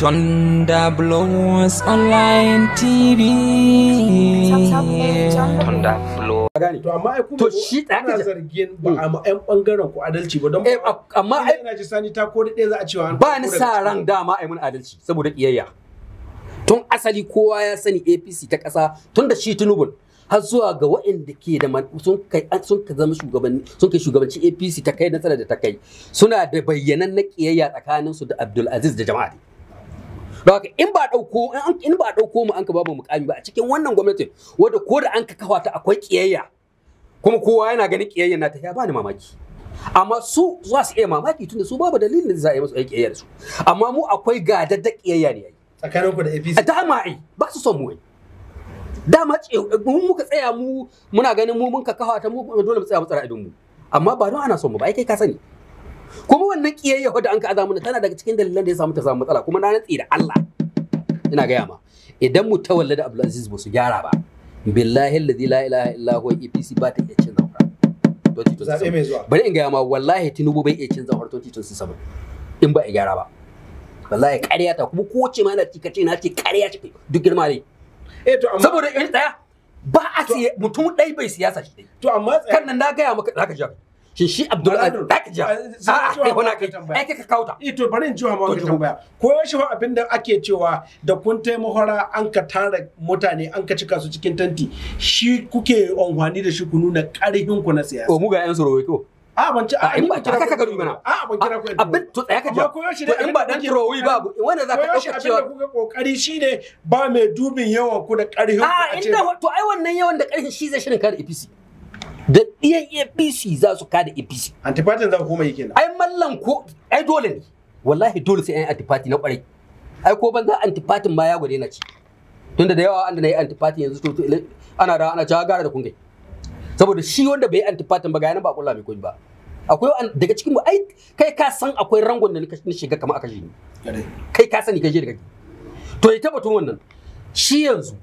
Thunder Blows Online TV. Thunder Blows. To amma ai kuma shi zargin ba hmm. a ku adalci ba don eh, amma ai ji sani ta ɗaya za a cewa ba ni sa ran dama ai mun adalci saboda ƙiyayya Tun asali kowa ya sani APC ta ƙasa tun da shi Tinubu har zuwa ga waɗanda ke da sun kai sun ka zama shugabanni sun kai shugabanci APC ta kai nasara da ta kai suna da bayyanan na ƙiyayya tsakaninsu da Abdul Aziz da jama'a ba in ba dauko in ba dauko mu an ka babu mukami ba a cikin wannan gwamnatin wanda ko da an ka kafa ta akwai kiyayya kuma kowa yana ganin kiyayya na ta ya bani mamaki amma su za su iya mamaki tunda su babu dalilin da za a yi musu kiyayya da su amma mu akwai gadadda kiyayya ne yayi tsakanin ku da APC dama ai ba su son mu ai dama mun muka tsaya mu muna ganin mu mun ka kafa ta mu dole mu tsaya mu tsara idon mu amma ba don ana son mu ba ai kai ka sani kuma wannan kiyayya da an ka aza mana tana daga cikin dalilan da ya samu ta samu matsala kuma na natsi da Allah ina gaya ma idan mu tawalla da Aziz ba su gyara ba billahi alladhi la ilaha illa huwa APC ba ta iya cin zafara bari in gaya ma wallahi Tinubu bai iya cin zafara 2027 in ba a gyara ba wallahi ƙarya ta kuma kowace ma na kace na ce ƙarya ce duk girma ne eh, saboda in tsaya ba a mutum ɗai bai siyasa shi to amma kan nan na gaya maka zaka ji shi shi abdul azaki a wani kai ai kai kauta eh to bari in ji ma ka tambaya ko shi fa abin da ake cewa da kun tai mahora an ka tara mutane an ka cika su cikin tanti shi kuke amfani da shi ku nuna karhin ku na siyasa o mu ga yan sorowaito a ban ci a in ba kira ka gari mana a ban kira ku abin to tsaya ka ja to in ba dan kirowi babu wanda za ka dauka cewa ko kokari shine ba mai dubin yawan ku da karhin ku a inda to ai wannan yawan da karhin shi zai shirin kare APC da iya apc za su kada apc antipatin za ku koma yi kenan ai mallan ko ai dole ne wallahi dole sai an antipati na kwarai ai ko banza antipatin ma ya gwade na ci tunda da yawa anda na yi antipatin yanzu to ana da ana jawa gara da kungai saboda shi wanda bai antipatin ba ga yana ba kula mai koyi ba akwai daga cikin mu ai kai ka san akwai rangon da na shiga kamar aka shi kai ka sani kai je daga to ya tabbatun wannan shi yanzu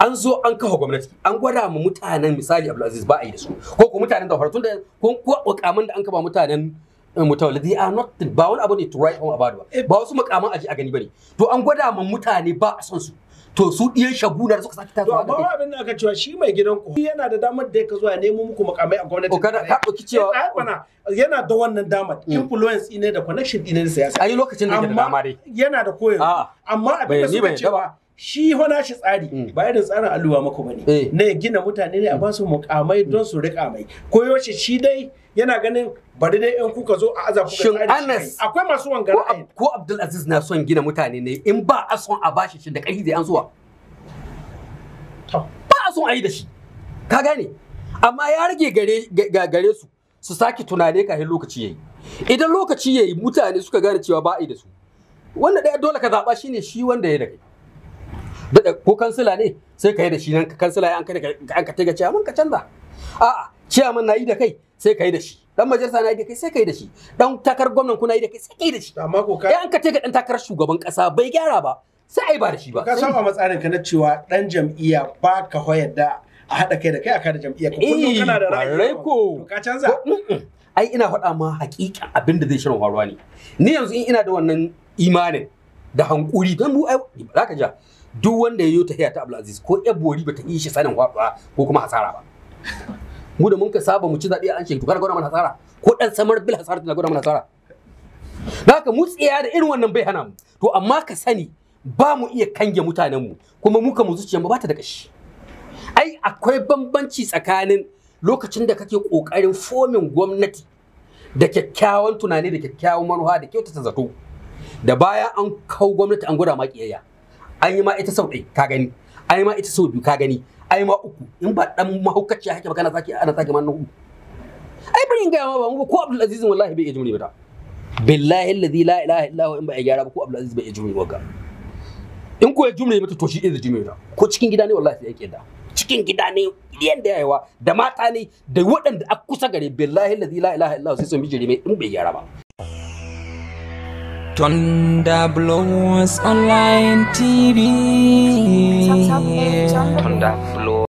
an zo an kafa gwamnati an gwada mu mutanen misali Abdulaziz ba a yi da su ko ko mutanen da tun da ko mukamin da an kafa mutanen eh, mutawalli they are not ba wani abu ne to write home about ba eh, ba wasu mukamin aji a gani bane to an gwada mu mutane ba a son su to su ɗiyan shagunar suka saki tasowa da kai. abin da aka cewa shi mai gidan ku yana da damar da yake zuwa ya nemo muku makamai a gwamnati. Kada ka ɗauki cewa eh, yana da wannan damar mm. influence ne da connection ɗine na siyasa. Ai lokacin da ke da dama dai. Yana da koyarwa. Amma abin da suka cewa shi hona shi tsari mm. ba irin tsarin alluwa mako bane eh. na gina mutane ne a basu mukamai don su rika mai ko shi shi dai yana ganin bari dai in kuka zo a azabu kuka shin anas akwai masu wangara ko abdul aziz na son gina mutane ne in ba a son a bashi shi da karfi da an zuwa ba a son a yi da shi ka gane amma ya rage gare gare su su sake tunane kafin lokaci yayi idan lokaci yayi mutane suka gane cewa ba a yi da su wanda ɗaya dole ka zaɓa shine shi wanda ya da kai daɗa ko kansila ne sai ka yi da shi nan kansila an ka taiga ciyaman ka canza a'a ciyaman na yi da kai sai ka yi da shi dan majalisa na yi da kai sai ka yi da shi dan takarar gwamnan kuna yi da kai sai ka yi da shi amma ko ka an ka taiga dan takarar shugaban kasa bai gyara ba sai ai ba da shi ba ka saba matsarin ka na cewa dan jam'iyya ba ka hoyar da a haɗa kai da kai a kada jam'iyyar ka kullum eh, kana da ra'ayi ko ka canza ai ina faɗa ma hakikan abin da zai shirin faruwa ne ni yanzu in ina da wannan imanin da hankuri don mu ai za ka ja duk wanda ya yi tahiya ta aziz ko ya bori ba ta yi shi sanin ba ko kuma hasara ba mu da mun ka saba mu ci zaɓe an shekaru kana gwada mana hasara ko ɗan samar bil hasara tana gwada mana hasara haka mu tsaya da irin wannan bai hana mu to amma ka sani ba mu iya kange mutanen mu kuma muka mu zuciya mu ba ta da kashi ai akwai bambanci tsakanin lokacin da kake kokarin fomin gwamnati da kyakkyawan tunani da kyakkyawan manufa da kyautata zato da baya an kau gwamnati an gwada ma an yi ma ita sau ɗai ka gani an yi ma ita sau biyu ka gani an yi ma uku in ba dan mahaukaci haka magana zaki ana zaki ma na ai bari in gaya ma ba mu ko Abdul Aziz wallahi bai iya jumri ba billahi alladhi la ilaha illa huwa in ba ya gyara ba ko Abdul Aziz bai iya jumri ba in ko ya jumri mata to shi iya jumri ba ko cikin gida ne wallahi sai ya kiyada cikin gida ne ɗiyan da yayawa da mata ne da waɗanda a kusa gare billahi la ilaha illa sai su bijire mai in bai gyara ba Thunder Blows Online TV. Thunder Blows.